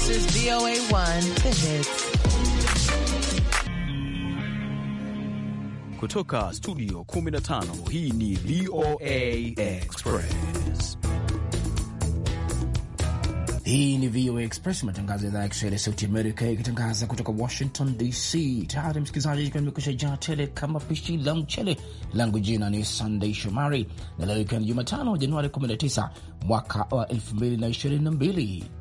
versus VOA 1 The Hits. Kutoka studio 15 hii ni VOA Express. Hii ni VOA Express, matangazo ya idhaa ya Kiswahili ya Sauti Amerika ikitangaza kutoka Washington DC. Tayari msikilizaji, ikiwa nimekusha jaa tele kama pishi la mchele langu. Jina ni Sunday Shomari na leo ikiwa ni Jumatano, Januari 19 mwaka wa 2022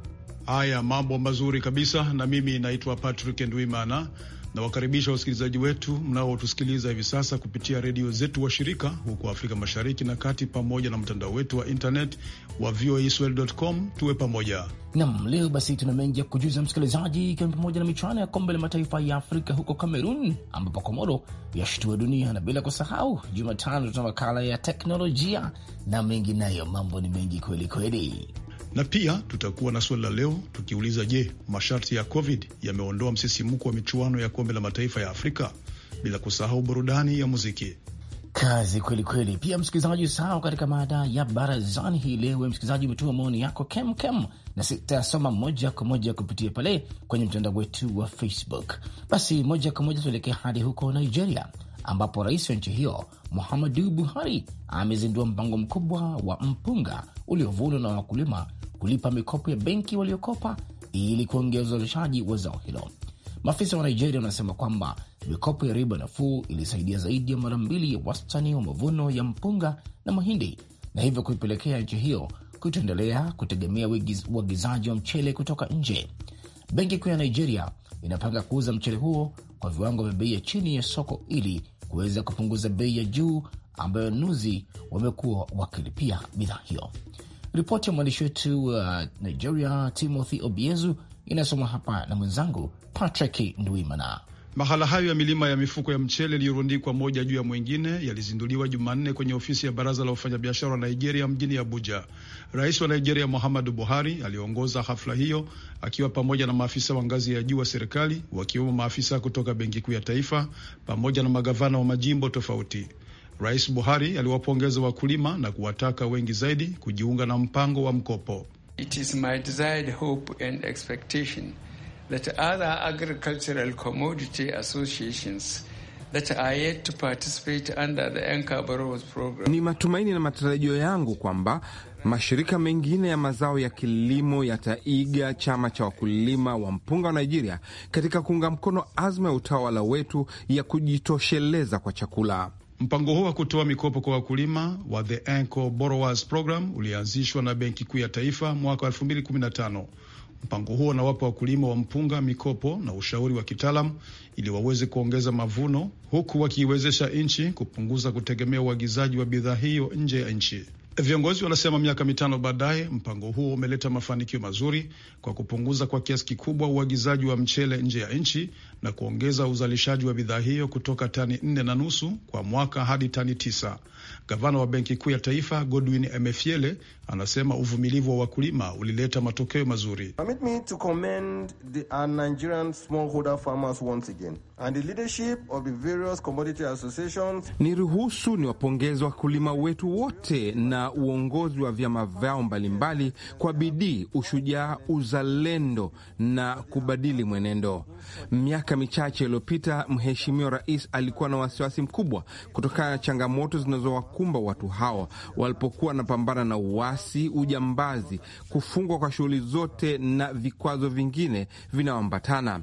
Haya, mambo mazuri kabisa. Na mimi naitwa Patrick Ndwimana, nawakaribisha wasikilizaji wetu mnaotusikiliza hivi sasa kupitia redio zetu wa shirika huko Afrika Mashariki na Kati, pamoja na mtandao wetu wa internet wa voaswahili.com. Tuwe pamoja nam. Leo basi tuna mengi ya kujuza msikilizaji, ikiwa ni pamoja na michuano ya kombe la mataifa ya Afrika huko Kamerun, ambapo Komoro yashtua dunia, na bila kusahau, Jumatano tuna makala ya teknolojia na mengineyo. Mambo ni mengi kweli kweli na pia tutakuwa na swali la leo tukiuliza, je, masharti ya COVID yameondoa msisimko wa michuano ya kombe la mataifa ya Afrika, bila kusahau burudani ya muziki. Kazi kweli kweli. Pia msikilizaji, usahau katika maada ya barazani hii leo, msikilizaji umetuma maoni yako kem kem, na sitasoma moja kwa moja kupitia pale kwenye mtandao wetu wa Facebook. Basi moja kwa moja tuelekee hadi huko Nigeria, ambapo rais wa nchi hiyo Muhammadu Buhari amezindua mpango mkubwa wa mpunga uliovunwa na wakulima kulipa mikopo ya benki waliokopa ili kuongeza uzalishaji wa zao hilo. Maafisa wa Nigeria wanasema kwamba mikopo ya riba nafuu ilisaidia zaidi ya mara mbili ya wastani wa mavuno ya mpunga na mahindi na hivyo kuipelekea nchi hiyo kutoendelea kutegemea uagizaji wa mchele kutoka nje. Benki kuu ya Nigeria inapanga kuuza mchele huo kwa viwango vya bei ya chini ya soko ili kuweza kupunguza bei ya juu ambayo wanunuzi wamekuwa wakilipia bidhaa hiyo. Ripoti ya mwandishi wetu wa uh, Nigeria Timothy Obiezu inasomwa hapa na mwenzangu Patrick Ndwimana. Mahala hayo ya milima ya mifuko ya mchele iliyorundikwa moja juu ya mwingine yalizinduliwa Jumanne kwenye ofisi ya baraza la wafanyabiashara wa Nigeria mjini Abuja. Rais wa Nigeria Muhammadu Buhari aliongoza hafla hiyo akiwa pamoja na maafisa wa ngazi ya juu wa serikali, wakiwemo maafisa kutoka Benki Kuu ya Taifa pamoja na magavana wa majimbo tofauti. Rais Buhari aliwapongeza wakulima na kuwataka wengi zaidi kujiunga na mpango wa mkopo. It is my desired hope and expectation that other agricultural commodity associations that are yet to participate under the Anchor Borrowers Program. Ni matumaini na matarajio yangu kwamba mashirika mengine ya mazao ya kilimo yataiga chama cha wakulima wa mpunga wa Nigeria katika kuunga mkono azma ya utawala wetu ya kujitosheleza kwa chakula. Mpango huo wa kutoa mikopo kwa wakulima wa The Anchor Borrowers Program ulianzishwa na Benki Kuu ya Taifa mwaka 2015. Mpango huo unawapa wakulima wa mpunga mikopo na ushauri wa kitaalam ili waweze kuongeza mavuno, huku wakiiwezesha nchi kupunguza kutegemea uagizaji wa bidhaa hiyo nje ya nchi. Viongozi wanasema miaka mitano baadaye, mpango huo umeleta mafanikio mazuri kwa kupunguza kwa kiasi kikubwa uagizaji wa mchele nje ya nchi na kuongeza uzalishaji wa bidhaa hiyo kutoka tani nne na nusu kwa mwaka hadi tani tisa. Gavana wa Benki Kuu ya Taifa Godwin Emefiele anasema uvumilivu wa wakulima ulileta matokeo mazuri. Permit me to commend the uh, Nigerian smallholder farmers once again and the leadership of the various commodity associations. Ni ruhusu ni wapongeze wakulima wetu wote na uongozi wa vyama vyao mbalimbali kwa bidii, ushujaa, uzalendo na kubadili mwenendo. Miaka michache iliyopita, Mheshimiwa Rais alikuwa na wasiwasi mkubwa kutokana na changamoto zinazowakumba watu hawa walipokuwa wanapambana na uasi, ujambazi, kufungwa kwa shughuli zote na vikwazo vingine vinaoambatana.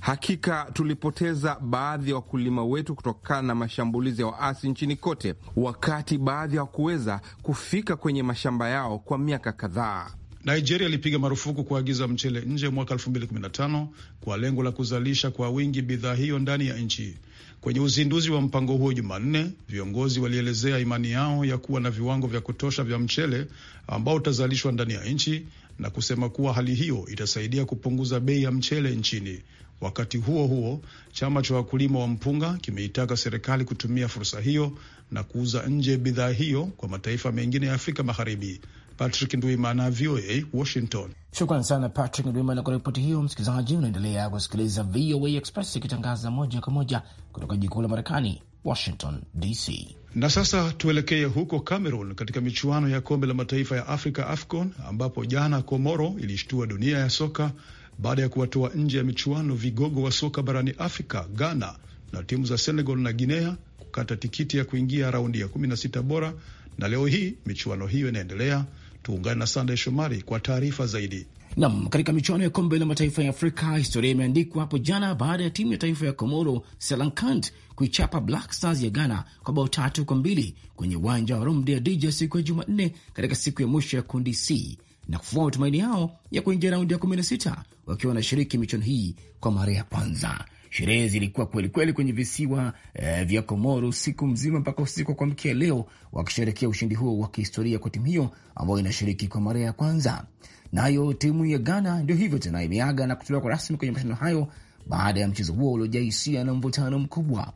Hakika tulipoteza baadhi ya wa wakulima wetu kutokana na mashambulizi ya waasi nchini kote, wakati baadhi hawakuweza kufika kwenye mashamba yao kwa miaka kadhaa. Nigeria ilipiga marufuku kuagiza mchele nje mwaka 2015 kwa lengo la kuzalisha kwa wingi bidhaa hiyo ndani ya nchi. Kwenye uzinduzi wa mpango huo Jumanne, viongozi walielezea imani yao ya kuwa na viwango vya kutosha vya mchele ambao utazalishwa ndani ya nchi na kusema kuwa hali hiyo itasaidia kupunguza bei ya mchele nchini. Wakati huo huo, chama cha wakulima wa mpunga kimeitaka serikali kutumia fursa hiyo na kuuza nje bidhaa hiyo kwa mataifa mengine ya Afrika Magharibi. Patrick Nduimana, VOA, Washington. Shukran sana Patrick Nduimana kwa ripoti hiyo. Msikilizaji, unaendelea kusikiliza VOA Express ikitangaza moja kwa moja kutoka jikuu la Marekani, Washington DC. Na sasa tuelekee huko Cameroon katika michuano ya kombe la mataifa ya Afrika, AFCON, ambapo jana Komoro ilishtua dunia ya soka baada ya kuwatoa nje ya michuano vigogo wa soka barani Afrika, Ghana na timu za Senegal na Guinea kukata tikiti ya kuingia raundi ya 16 bora, na leo hii michuano hiyo inaendelea. Tuungane na Sandey Shomari kwa taarifa zaidi. Nam, katika michuano ya kombe la mataifa ya Afrika, historia imeandikwa hapo jana baada ya timu ya taifa ya Komoro Selankant kuichapa Black Stars ya Ghana kwa bao tatu kwa mbili kwenye uwanja wa Romdey Dija siku ya Jumanne, katika siku ya mwisho ya kundi C na kufua matumaini yao ya kuingia raundi ya 16 wakiwa wanashiriki michuano hii kwa mara ya kwanza. Sherehe zilikuwa kweli kweli kwenye visiwa eh, vya Komoro siku mzima mpaka usiku kwa mkia leo, wakisherekea ushindi huo wa kihistoria kwa timu hiyo ambayo inashiriki kwa mara ya kwanza. Nayo timu ya Ghana ndio hivyo tena, imeaga na kutolewa kwa rasmi kwenye mashindano hayo baada ya mchezo huo uliojaa hisia na mvutano mkubwa.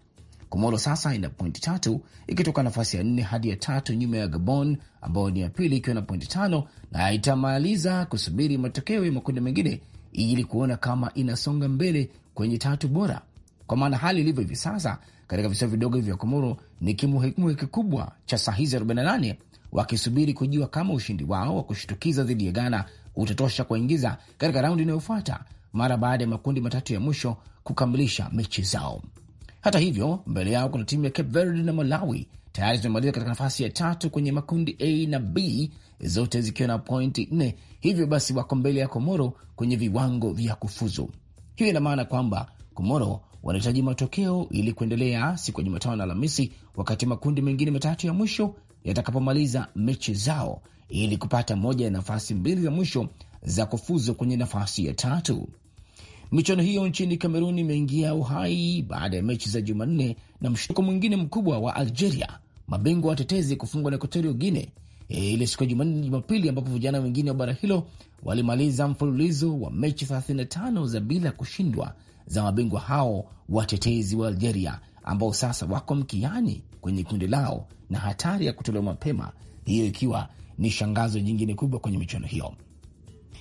Komoro sasa ina pointi tatu ikitoka nafasi ya nne hadi ya tatu nyuma ya Gabon ambayo ni ya pili ikiwa na pointi tano na itamaliza kusubiri matokeo ya makundi mengine ili kuona kama inasonga mbele kwenye tatu bora, kwa maana hali ilivyo hivi sasa katika visiwa vidogo vya Komoro ni kimuhimu kikubwa cha saa hizi 48 wakisubiri kujua kama ushindi wao wa kushtukiza dhidi ya Ghana utatosha kuingiza katika raundi inayofuata mara baada ya makundi matatu ya mwisho kukamilisha mechi zao. Hata hivyo, mbele yao kuna timu ya Cape Verde na Malawi tayari zimemaliza katika nafasi ya tatu kwenye makundi A na B, zote zikiwa na pointi nne. Hivyo basi wako mbele ya Komoro kwenye viwango vya kufuzu. Hiyo ina maana kwamba Komoro wanahitaji matokeo ili kuendelea siku ya Jumatano na Alhamisi, wakati makundi mengine matatu ya mwisho yatakapomaliza mechi zao ili kupata moja ya nafasi mbili za mwisho za kufuzu kwenye nafasi ya tatu. Michuano hiyo nchini Kamerun imeingia uhai baada ya mechi za Jumanne na mshtuko mwingine mkubwa wa Algeria, mabingwa watetezi kufungwa na Ekuatorio Guine eh, ile siku ya Jumanne Jumapili, ambapo vijana wengine wa bara hilo walimaliza mfululizo wa mechi 35 za bila kushindwa za mabingwa hao watetezi wa Algeria, ambao sasa wako mkiani kwenye kundi lao na hatari ya kutolewa mapema, hiyo ikiwa ni shangazo jingine kubwa kwenye michuano hiyo.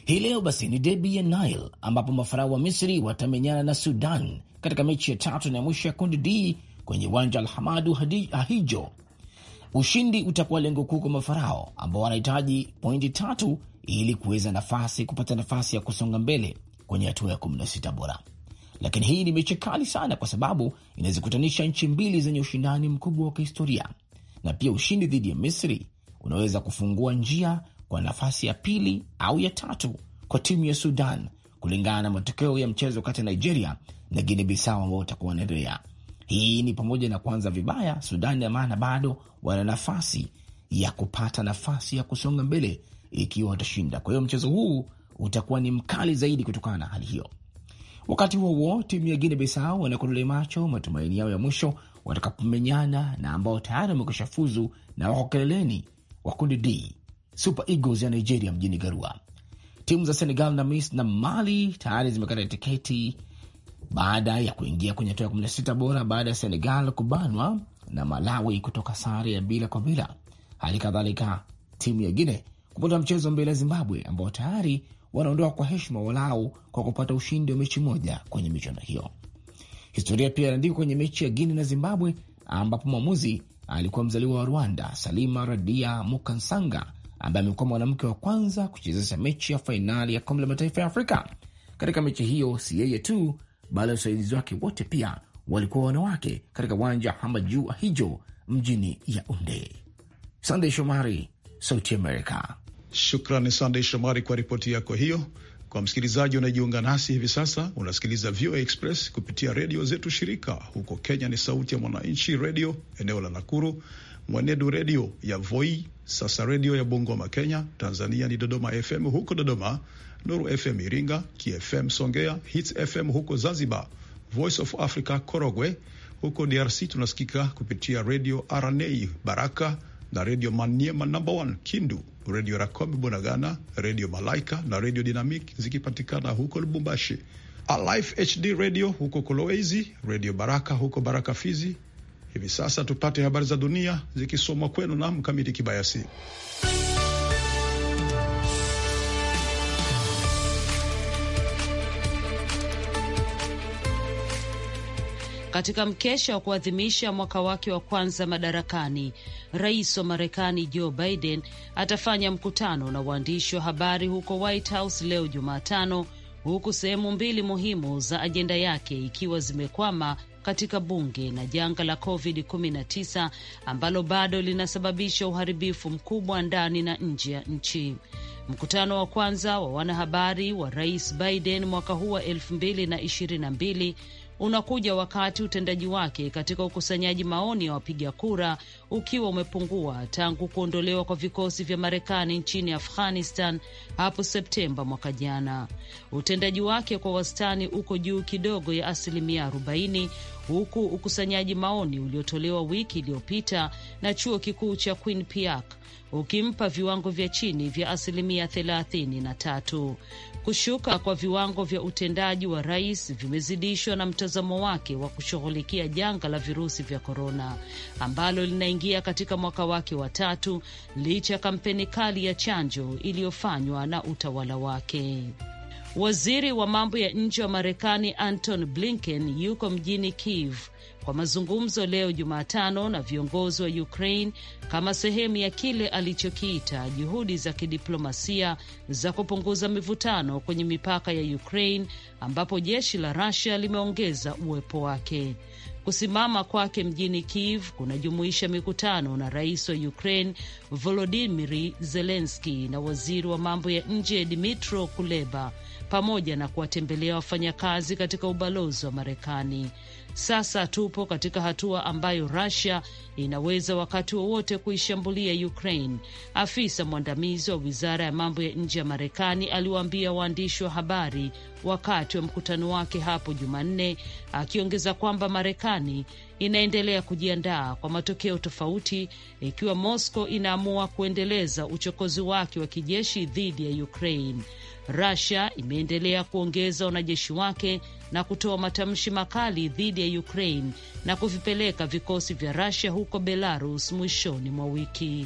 Hii leo basi ni debi ya Nile ambapo mafarao wa Misri watamenyana na Sudan katika mechi ya tatu na mwisho ya kundi D kwenye uwanja Alhamadu Ahijo. Ushindi utakuwa lengo kuu kwa mafarao ambao wanahitaji pointi tatu ili kuweza nafasi kupata nafasi ya kusonga mbele kwenye hatua ya 16 bora. Lakini hii ni mechi kali sana, kwa sababu inazikutanisha nchi mbili zenye ushindani mkubwa wa kihistoria, na pia ushindi dhidi ya Misri unaweza kufungua njia kwa nafasi ya pili au ya tatu kwa timu ya Sudan kulingana na matokeo ya mchezo kati ya Nigeria na Guinea Bissau ambao watakuwa wanaendelea. Hii ni pamoja na kwanza vibaya Sudani, ya maana bado wana nafasi ya kupata nafasi ya kusonga mbele ikiwa watashinda. Kwa hiyo mchezo huu utakuwa ni mkali zaidi kutokana na hali hiyo. Wakati huo huo, timu ya Guinea Bissau wanakodole macho matumaini yao ya mwisho watakapomenyana na ambao tayari wamekwisha fuzu na wako keleleni wa kundi D Super Eagles ya Nigeria mjini Garua. Timu za Senegal na Misri na Mali tayari zimekata tiketi baada ya kuingia kwenye hatua ya 16 bora baada ya Senegal kubanwa na Malawi kutoka sare ya bila kwa bila. Hali kadhalika timu ya Guine kupata mchezo mbele ya Zimbabwe ambao tayari wanaondoka kwa heshima walau kwa kupata ushindi wa mechi moja kwenye michuano hiyo. Historia pia inaandikwa kwenye mechi ya Guine na Zimbabwe ambapo mwamuzi alikuwa mzaliwa wa Rwanda Salima Radia Mukansanga ambaye amekuwa mwanamke wa kwanza kuchezesha mechi ya fainali ya kombe la mataifa ya Afrika. Katika mechi hiyo si yeye tu, bali wasaidizi wake wote pia walikuwa wanawake katika uwanja Hamadu Ahijo mjini Yaunde. Sandey Shomari, Sauti Amerika. Shukrani Sandey Shomari kwa ripoti yako hiyo. Kwa msikilizaji unajiunga nasi hivi sasa, unasikiliza VOA Express kupitia redio zetu shirika. Huko Kenya ni Sauti ya Mwananchi redio eneo la Nakuru, Mwenedu redio ya Voi, sasa redio ya Bungoma Kenya, Tanzania ni Dodoma FM huko Dodoma, Nuru FM Iringa, KFM Songea, Hits FM huko Zanzibar, Voice of Africa Korogwe. Huko DRC tunasikika kupitia redio RNA Baraka na redio Maniema namba 1 Kindu, redio Rakobi Bunagana, redio Malaika na redio Dynamic zikipatikana huko Lubumbashi, Alive HD radio huko Kolwezi, redio Baraka huko Baraka Fizi, Hivi sasa tupate habari za dunia zikisomwa kwenu na Mkamiti Kibayasi. Katika mkesha wa kuadhimisha mwaka wake wa kwanza madarakani, rais wa Marekani Joe Biden atafanya mkutano na waandishi wa habari huko White House leo Jumatano, huku sehemu mbili muhimu za ajenda yake ikiwa zimekwama katika bunge na janga la COVID-19 ambalo bado linasababisha uharibifu mkubwa ndani na nje ya nchi. Mkutano wa kwanza wa wanahabari wa Rais Biden mwaka huu wa 2022 unakuja wakati utendaji wake katika ukusanyaji maoni ya wapiga kura ukiwa umepungua tangu kuondolewa kwa vikosi vya Marekani nchini Afghanistan hapo Septemba mwaka jana. Utendaji wake kwa wastani uko juu kidogo ya asilimia 40 huku ukusanyaji maoni uliotolewa wiki iliyopita na chuo kikuu cha Quinnipiac ukimpa viwango vya chini vya asilimia thelathini na tatu. Kushuka kwa viwango vya utendaji wa rais vimezidishwa na mtazamo wake wa kushughulikia janga la virusi vya korona ambalo linaingia katika mwaka wake wa tatu licha ya kampeni kali ya chanjo iliyofanywa na utawala wake. Waziri wa mambo ya nje wa Marekani Anton Blinken yuko mjini Kiev kwa mazungumzo leo Jumatano na viongozi wa Ukraine kama sehemu ya kile alichokiita juhudi za kidiplomasia za kupunguza mivutano kwenye mipaka ya Ukraine ambapo jeshi la Russia limeongeza uwepo wake. Kusimama kwake mjini Kiev kunajumuisha mikutano na rais wa Ukraine Volodimir zelenski na waziri wa mambo ya nje dmitro Kuleba pamoja na kuwatembelea wafanyakazi katika ubalozi wa Marekani. Sasa tupo katika hatua ambayo Russia inaweza wakati wowote kuishambulia Ukraine, afisa mwandamizi wa wizara ya mambo ya nje ya Marekani aliwaambia waandishi wa habari wakati wa mkutano wake hapo Jumanne, akiongeza kwamba Marekani inaendelea kujiandaa kwa matokeo tofauti ikiwa Moscow inaamua kuendeleza uchokozi wake wa kijeshi dhidi ya Ukraine. Russia imeendelea kuongeza wanajeshi wake na kutoa matamshi makali dhidi ya Ukraine na kuvipeleka vikosi vya rasia huko Belarus mwishoni mwa wiki.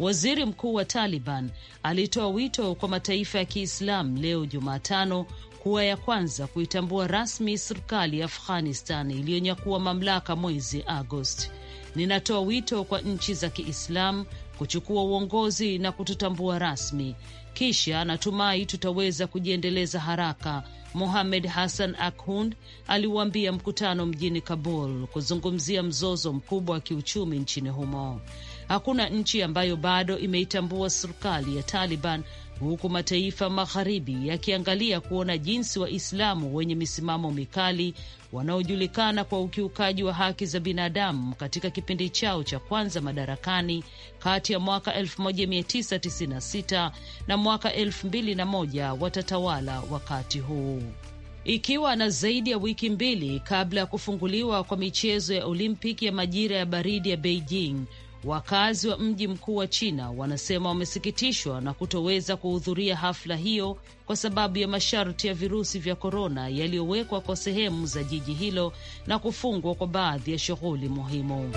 Waziri mkuu wa Taliban alitoa wito kwa mataifa ya Kiislamu leo Jumatano kuwa ya kwanza kuitambua rasmi serikali ya Afghanistan iliyonyakua mamlaka mwezi Agosti. Ninatoa wito kwa nchi za Kiislamu kuchukua uongozi na kututambua rasmi, kisha natumai tutaweza kujiendeleza haraka Mohamed Hassan Akhund aliuambia mkutano mjini Kabul kuzungumzia mzozo mkubwa wa kiuchumi nchini humo. Hakuna nchi ambayo bado imeitambua serikali ya Taliban huku mataifa magharibi yakiangalia kuona jinsi Waislamu wenye misimamo mikali wanaojulikana kwa ukiukaji wa haki za binadamu katika kipindi chao cha kwanza madarakani kati ya mwaka 1996 na mwaka 2001 watatawala wakati huu. Ikiwa na zaidi ya wiki mbili kabla ya kufunguliwa kwa michezo ya Olimpiki ya majira ya baridi ya Beijing, Wakazi wa mji mkuu wa China wanasema wamesikitishwa na kutoweza kuhudhuria hafla hiyo kwa sababu ya masharti ya virusi vya korona yaliyowekwa kwa sehemu za jiji hilo na kufungwa kwa baadhi ya shughuli muhimu.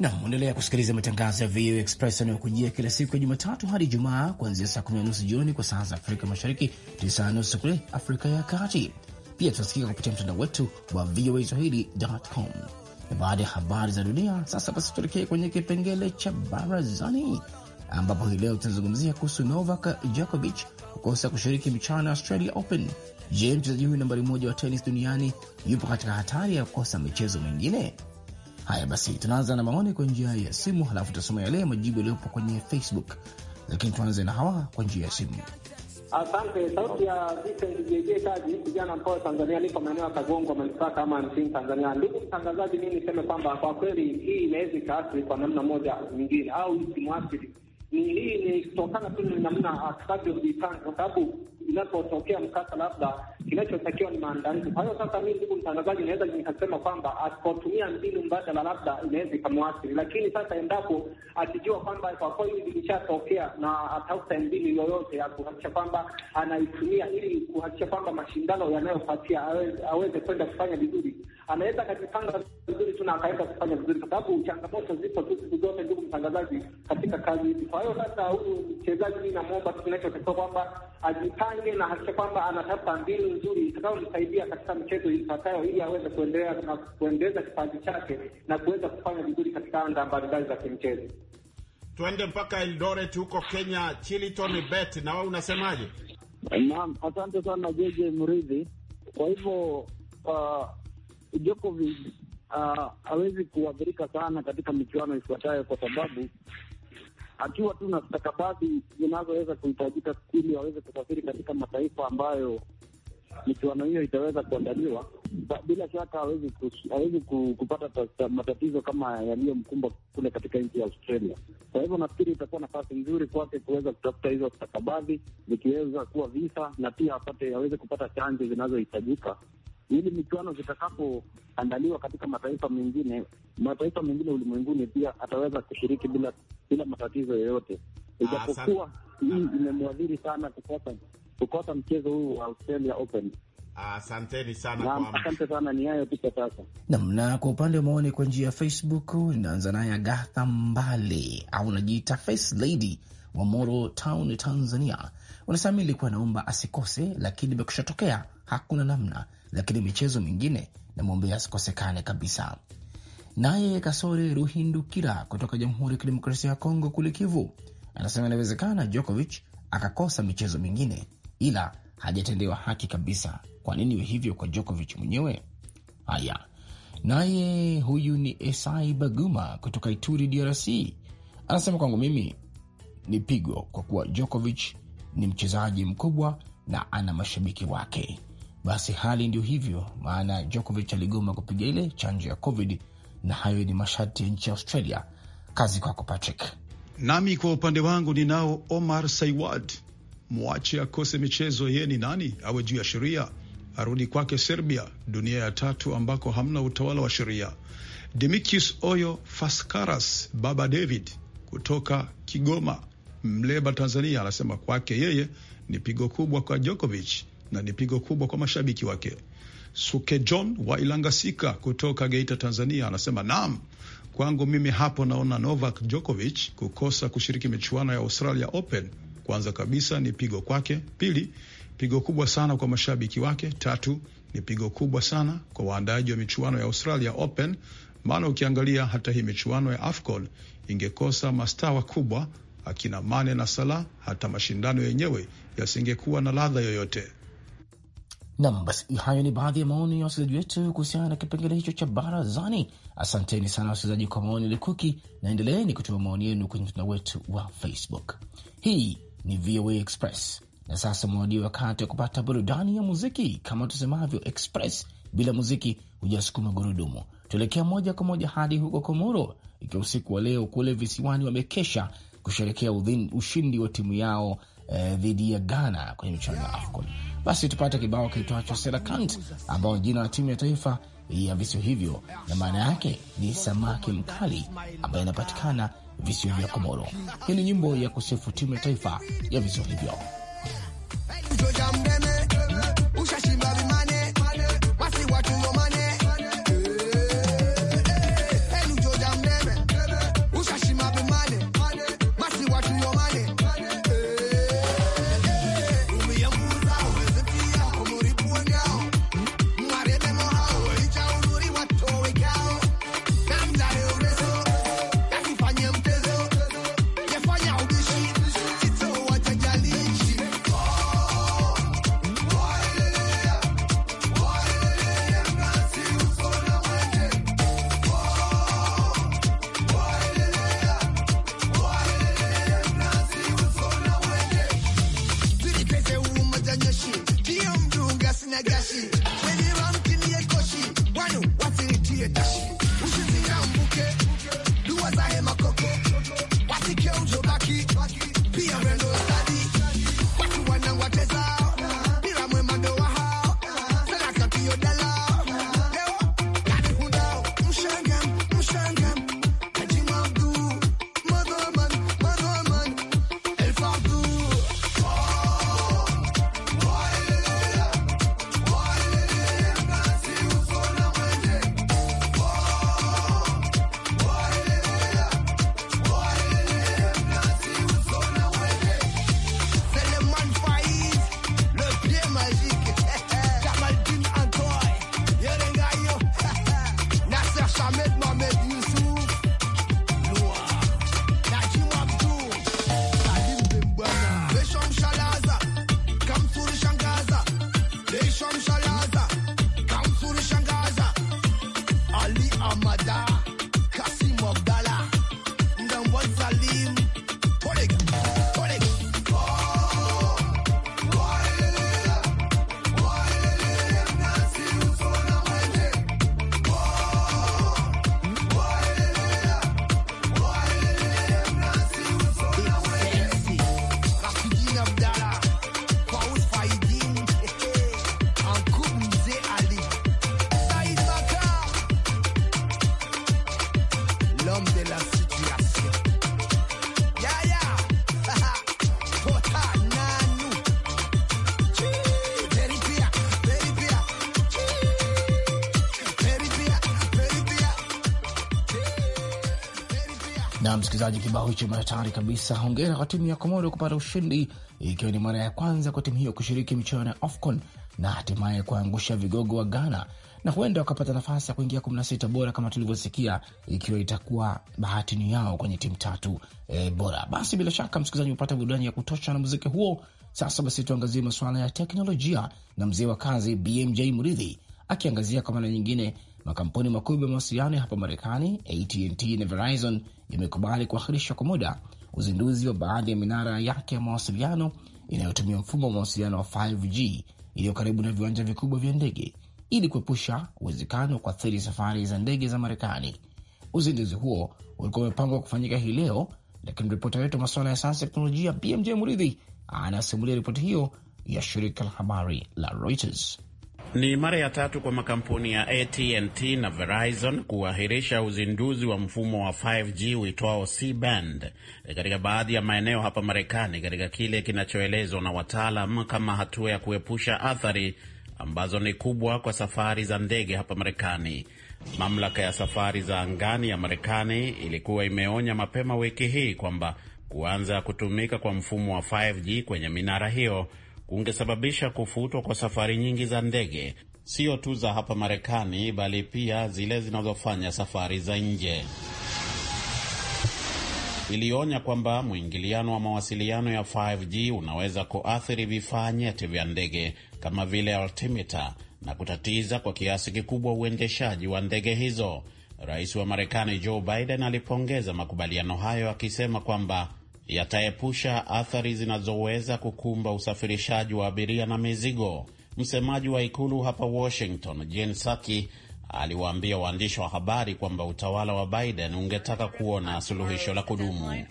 na mwendelea kusikiliza matangazo ya VOA Express yanayokujia kila siku ya Jumatatu hadi Jumaa, kuanzia saa kumi na nusu jioni kwa saa za Afrika Mashariki, tisa na nusu kule Afrika ya Kati. Pia tunasikika kupitia mtandao wetu wa VOA Swahili.com. Na baada ya habari za dunia, sasa basi tuelekee kwenye kipengele cha barazani, ambapo hii leo tunazungumzia kuhusu Novak Djokovic kukosa kushiriki michano ya Australia Open. Je, mchezaji huyu nambari moja wa tenis duniani yupo katika hatari ya kukosa michezo mingine? Haya basi, tunaanza na maoni kwa njia ya simu, halafu tutasoma yale majibu yaliyopo kwenye Facebook, lakini tuanze na hawa kwa njia ya simu. Asante. Sauti ya Vincent JJ Kaji, kijana mpoa Tanzania, niko maeneo ya Kagongo, manispaa kama nchini Tanzania. Ndugu mtangazaji, mimi niseme kwamba kwa kweli hii inaweza ikaathiri kwa namna moja nyingine, au isimwathiri ni hii ni kutokana tu ni namna atakavyoviipanga, kwa sababu inapotokea mkasa labda kinachotakiwa ni maandalizi. Kwa hiyo sasa, mimi ndugu mtangazaji, naweza nikasema kwamba asipotumia mbinu mbadala, labda inaweza ikamwathiri, lakini sasa, endapo akijua kwamba kwa kweli ilishatokea na atafuta mbinu yoyote ya kuhakikisha kwamba anaitumia ili kuhakikisha kwamba mashindano yanayofuatia aweze kwenda kufanya vizuri anaweza akajipanga vizuri tu na akaweza kufanya vizuri, kwa sababu changamoto zipo tu siku zote, ndugu mtangazaji, katika kazi hizi. Kwa hiyo sasa, huyu mchezaji mi namwomba tu, kinachotakiwa kwamba ajipange na hakikisha kwamba anatafuta mbinu nzuri itakayomsaidia katika mchezo ifuatayo, ili aweze kuendelea na kuendeleza kipaji chake na kuweza kufanya vizuri katika anda mbalimbali za kimchezo. Tuende mpaka Eldoret huko Kenya, Chiliton Bet, na wewe unasemaje? Naam, asante sana Jeje Mridhi. Kwa hivyo uh, Djokovic uh, hawezi kuathirika sana katika michuano ifuatayo, kwa sababu akiwa tu na stakabadhi zinazoweza kuhitajika ili waweze kusafiri katika mataifa ambayo michuano hiyo itaweza kuandaliwa, bila shaka hawezi hawezi kupata matatizo kama yaliyomkumba kule katika nchi ya Australia. Kwa hivyo nafikiri itakuwa nafasi nzuri kwake kuweza kutafuta hizo stakabadhi, zikiweza kuwa visa na pia apate aweze kupata chanjo zinazohitajika ili michuano zitakapoandaliwa katika mataifa mengine mataifa mengine ulimwenguni, pia ataweza kushiriki bila bila matatizo yoyote, ijapokuwa hii imemwadhiri sana kukosa kukosa mchezo huu wa Australia Open. Asanteni sana kwa asante sana, ni hayo tu sasa. nam na kwa upande wa maoni kwa njia ya Facebook, inaanza naye Agatha Mbale au najiita Face Lady wa Moro Town, Tanzania. Unasema ilikuwa naomba asikose, lakini imekusha tokea, hakuna namna lakini michezo mingine namwombea asikosekane kabisa. Naye Kasore Ruhindukira kutoka Jamhuri ya Kidemokrasia ya Kongo kule Kivu anasema inawezekana Djokovic akakosa michezo mingine, ila hajatendewa haki kabisa. Kwa nini iwe hivyo kwa Djokovic mwenyewe? Haya, naye huyu ni Esai Baguma kutoka Ituri, DRC anasema kwangu mimi ni pigo, kwa kuwa Djokovic ni mchezaji mkubwa na ana mashabiki wake. Basi hali ndio hivyo, maana Djokovic aligoma kupiga ile chanjo ya Covid na hayo ni masharti ya nchi ya Australia. Kazi kwako Patrick. Nami kwa upande wangu ninao Omar Saiwad, mwache akose michezo. Yeye ni nani awe juu ya sheria? Arudi kwake Serbia, dunia ya tatu ambako hamna utawala wa sheria. Demikius Oyo Faskaras, baba David kutoka Kigoma, Mleba, Tanzania, anasema kwake yeye ni pigo kubwa kwa Djokovic na ni pigo kubwa kwa mashabiki wake. Suke John wa Ilangasika kutoka Geita, Tanzania, anasema naam, kwangu mimi hapo naona Novak Djokovic kukosa kushiriki michuano ya Australia Open kwanza kabisa ni pigo kwake, pili pigo kubwa sana kwa mashabiki wake, tatu ni pigo kubwa sana kwa waandaaji wa michuano ya Australia Open, maana ukiangalia hata hii michuano ya AFCON ingekosa mastawa kubwa akina Mane na Salah, hata mashindano yenyewe yasingekuwa na ladha yoyote. Nam, basi hayo ni baadhi ya maoni ya wasikilizaji wetu kuhusiana na kipengele hicho cha barazani. Asanteni sana wasikilizaji kwa maoni likuki, na endeleeni kutoa maoni yenu kwenye mtandao wetu wa Facebook. Hii ni VOA Express na sasa mwadia wakati wa kupata burudani ya muziki. Kama tusemavyo Express, bila muziki hujasukuma gurudumu. Tuelekea moja kwa moja hadi huko Komoro, ikiwa usiku wa leo kule visiwani wamekesha kusherekea ushindi wa timu yao Eh, dhidi ya Ghana kwenye michuano ya AFCON. Basi tupate kibao kiitwacho Serakant, ambayo jina la timu ya taifa ya visio hivyo na maana yake ni samaki mkali, ambayo inapatikana visio vya Komoro. Hii ni nyimbo ya kusifu timu ya taifa ya visio hivyo. msikilizaji, kibao hicho maratari kabisa. Hongera kwa timu ya Komoro kupata ushindi, ikiwa ni mara ya kwanza kwa timu hiyo kushiriki michuano ya AFCON na hatimaye kuangusha vigogo wa Ghana, na huenda wakapata nafasi ya kuingia 16 bora kama tulivyosikia, ikiwa itakuwa bahati ni yao kwenye timu tatu e, bora. Basi bila shaka msikilizaji upata burudani ya kutosha na muziki huo. Sasa basi tuangazie masuala ya teknolojia na mzee wa kazi BMJ Mridhi akiangazia kwa mara nyingine Makampuni makubwa ya mawasiliano ya hapa Marekani, ATnt na Verizon, yamekubali kuahirisha kwa muda uzinduzi wa baadhi ya minara yake ya mawasiliano inayotumia mfumo wa mawasiliano wa 5G iliyo karibu na viwanja vikubwa vya ndege ili kuepusha uwezekano wa kuathiri safari za ndege za Marekani. Uzinduzi huo ulikuwa umepangwa kufanyika hii leo, lakini ripota wetu wa masuala ya sayansi ya teknolojia BMJ Muridhi anasimulia ripoti hiyo ya shirika la habari la Reuters. Ni mara ya tatu kwa makampuni ya ATNT na Verizon kuahirisha uzinduzi wa mfumo wa 5G uitwao C-band eh, katika baadhi ya maeneo hapa Marekani, katika kile kinachoelezwa na wataalam kama hatua ya kuepusha athari ambazo ni kubwa kwa safari za ndege hapa Marekani. Mamlaka ya safari za angani ya Marekani ilikuwa imeonya mapema wiki hii kwamba kuanza kutumika kwa mfumo wa 5G kwenye minara hiyo kungesababisha kufutwa kwa safari nyingi za ndege, sio tu za hapa Marekani, bali pia zile zinazofanya safari za nje. Ilionya kwamba mwingiliano wa mawasiliano ya 5G unaweza kuathiri vifaa nyeti vya ndege kama vile altimita na kutatiza kwa kiasi kikubwa uendeshaji wa ndege hizo. Rais wa Marekani Joe Biden alipongeza makubaliano hayo akisema kwamba yataepusha athari zinazoweza kukumba usafirishaji wa abiria na mizigo. Msemaji wa ikulu hapa Washington, Jen Psaki, aliwaambia waandishi wa habari kwamba utawala wa Biden ungetaka kuona suluhisho la kudumu.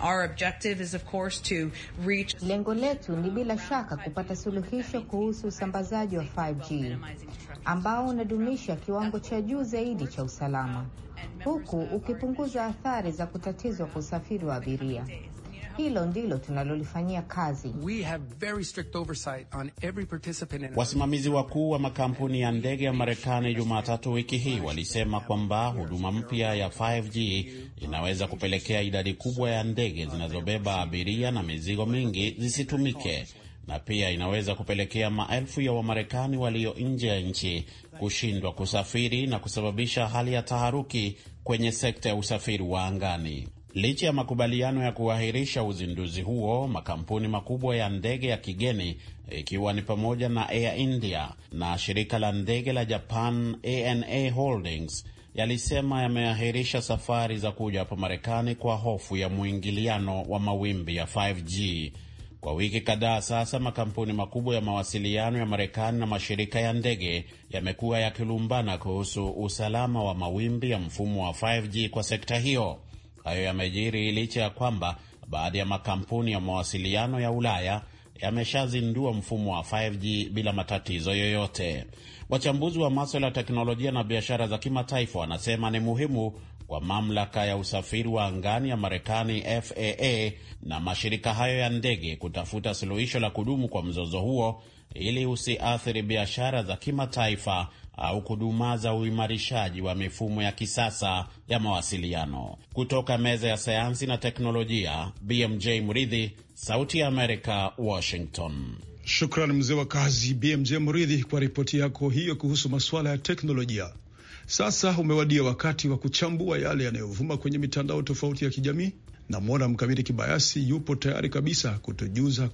Lengo letu ni bila shaka kupata suluhisho kuhusu usambazaji wa 5G ambao unadumisha kiwango cha juu zaidi cha usalama, huku ukipunguza athari za kutatizwa kwa usafiri wa abiria hilo ndilo tunalolifanyia kazi. Wasimamizi wakuu wa makampuni ya ndege ya Marekani Jumatatu wiki hii walisema kwamba huduma mpya ya 5G inaweza kupelekea idadi kubwa ya ndege zinazobeba abiria na mizigo mingi zisitumike na pia inaweza kupelekea maelfu ya Wamarekani walio nje ya nchi kushindwa kusafiri na kusababisha hali ya taharuki kwenye sekta ya usafiri wa angani. Licha ya makubaliano ya kuahirisha uzinduzi huo, makampuni makubwa ya ndege ya kigeni ikiwa ni pamoja na Air India na shirika la ndege la Japan ANA Holdings yalisema yameahirisha safari za kuja hapa Marekani kwa hofu ya mwingiliano wa mawimbi ya 5G. Kwa wiki kadhaa sasa, makampuni makubwa ya mawasiliano ya Marekani na mashirika ya ndege yamekuwa yakilumbana kuhusu usalama wa mawimbi ya mfumo wa 5G kwa sekta hiyo. Hayo yamejiri licha ya kwamba baadhi ya makampuni ya mawasiliano ya Ulaya yameshazindua mfumo wa 5G bila matatizo yoyote. Wachambuzi wa maswala ya teknolojia na biashara za kimataifa wanasema ni muhimu kwa mamlaka ya usafiri wa angani ya Marekani FAA na mashirika hayo ya ndege kutafuta suluhisho la kudumu kwa mzozo huo ili usiathiri biashara za kimataifa au kudumaza uimarishaji wa mifumo ya kisasa ya mawasiliano. Kutoka meza ya sayansi na teknolojia, BMJ Muridhi, Sauti ya Amerika, Washington. Shukran mzee wa kazi BMJ Muridhi kwa ripoti yako hiyo kuhusu masuala ya teknolojia. Sasa umewadia wakati wa kuchambua yale yanayovuma kwenye mitandao tofauti ya kijamii. Namwona Mkamiti Kibayasi yupo tayari kabisa kutujuza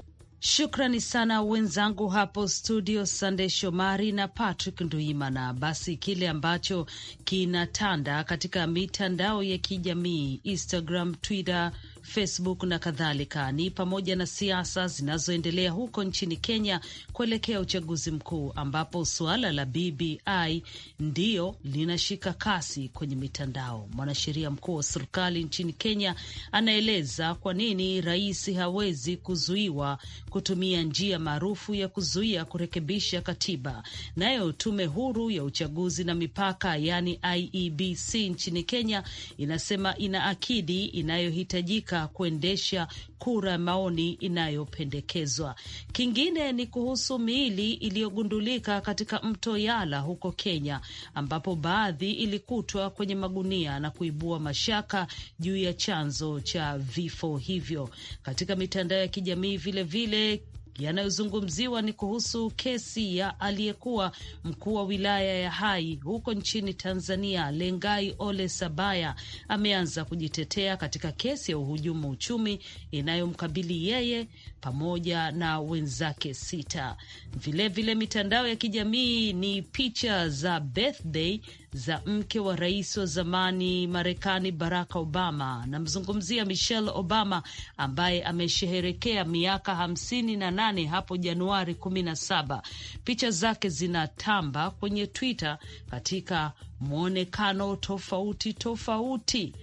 Shukrani sana wenzangu hapo studio, Sandey Shomari na Patrick Nduimana. Basi kile ambacho kinatanda katika mitandao ya kijamii Instagram, Twitter Facebook na kadhalika, ni pamoja na siasa zinazoendelea huko nchini Kenya kuelekea uchaguzi mkuu, ambapo suala la BBI ndiyo linashika kasi kwenye mitandao. Mwanasheria mkuu wa serikali nchini Kenya anaeleza kwa nini rais hawezi kuzuiwa kutumia njia maarufu ya kuzuia kurekebisha katiba. Nayo tume huru ya uchaguzi na mipaka, yani IEBC nchini Kenya inasema ina akidi inayohitajika katika kuendesha kura ya maoni inayopendekezwa. Kingine ni kuhusu miili iliyogundulika katika mto Yala huko Kenya, ambapo baadhi ilikutwa kwenye magunia na kuibua mashaka juu ya chanzo cha vifo hivyo katika mitandao ya kijamii vilevile vile, yanayozungumziwa ni kuhusu kesi ya aliyekuwa mkuu wa wilaya ya Hai huko nchini Tanzania, Lengai Ole Sabaya ameanza kujitetea katika kesi ya uhujumu uchumi inayomkabili yeye pamoja na wenzake sita. Vilevile mitandao ya kijamii ni picha za birthday za mke wa rais wa zamani Marekani Barack Obama. Namzungumzia Michelle Obama ambaye amesheherekea miaka hamsini na nane hapo Januari kumi na saba. Picha zake zinatamba kwenye Twitter katika mwonekano tofauti tofauti.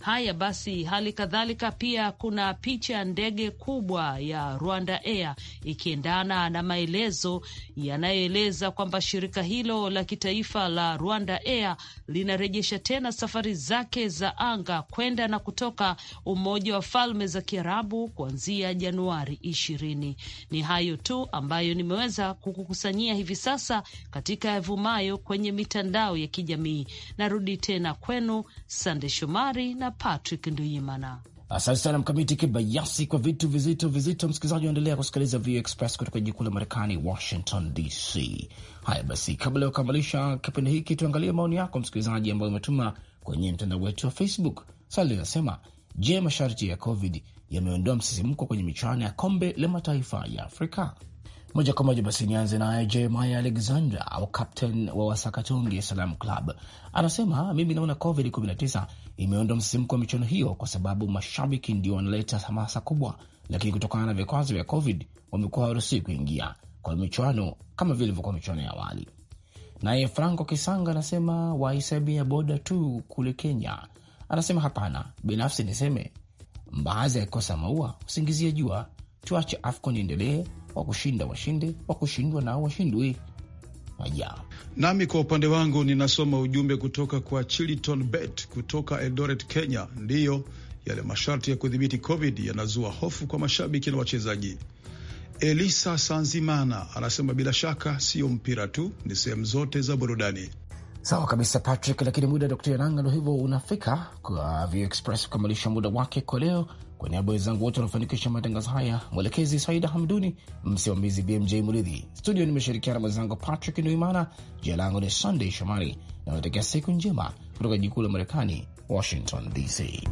Haya basi, hali kadhalika pia kuna picha ya ndege kubwa ya Rwanda Air ikiendana na maelezo yanayoeleza kwamba shirika hilo la kitaifa la Rwanda Air linarejesha tena safari zake za anga kwenda na kutoka Umoja wa Falme za Kiarabu kuanzia Januari ishirini. Ni hayo tu ambayo nimeweza kukukusanyia hivi sasa katika yavumayo kwenye mitandao ya kijamii. Narudi tena kwenu Sande Shomari na Patrick Nduyimana. Asante sana Mkamiti Kibayasi kwa vitu vizito vizito. Msikilizaji waendelea kusikiliza VOA Express kutoka jikuu la Marekani, Washington DC. Haya basi, kabla ya kukamilisha kipindi hiki, tuangalie maoni yako msikilizaji, ambayo umetuma kwenye mtandao wetu wa Facebook. Swali linasema je, masharti ya COVID yameondoa msisimko kwenye michuano ya kombe la mataifa ya Afrika? Moja kwa moja basi nianze naye Jeremaya Alexander au captain wa Wasakatonge Salam Club, anasema mimi naona COVID-19 imeondoa msisimko wa michuano hiyo kwa sababu mashabiki ndio wanaleta hamasa kubwa, lakini kutokana na vikwazo vya COVID wamekuwa hawaruhusiwi kuingia kwa michuano kama vile ilivyokuwa michuano ya awali. Naye Franco Kisanga anasema waisabia boda tu kule Kenya, anasema hapana, binafsi niseme mbaazi akikosa maua usingizie jua, tuache AFCON iendelee wa kushinda washinde, wa kushindwa nao washindwi. Haya, nami kwa upande wangu ninasoma ujumbe kutoka kwa Chiliton Bet kutoka Eldoret, Kenya. Ndiyo, yale masharti ya kudhibiti COVID yanazua hofu kwa mashabiki na wachezaji. Elisa Sanzimana anasema bila shaka siyo mpira tu, ni sehemu zote za burudani. Sawa kabisa Patrick, lakini muda Dr Yananga ndo hivyo unafika kwa Vio Express kukamilisha muda wake kwa leo. Kwa niaba wenzangu wote wanafanikisha matangazo haya, mwelekezi Saida Hamduni, msimamizi BMJ Muridhi, studio nimeshirikiana na mwenzangu Patrick Nduimana. Jina langu ni Sunday Shomari na siku njema kutoka jikuu la Marekani, Washington DC.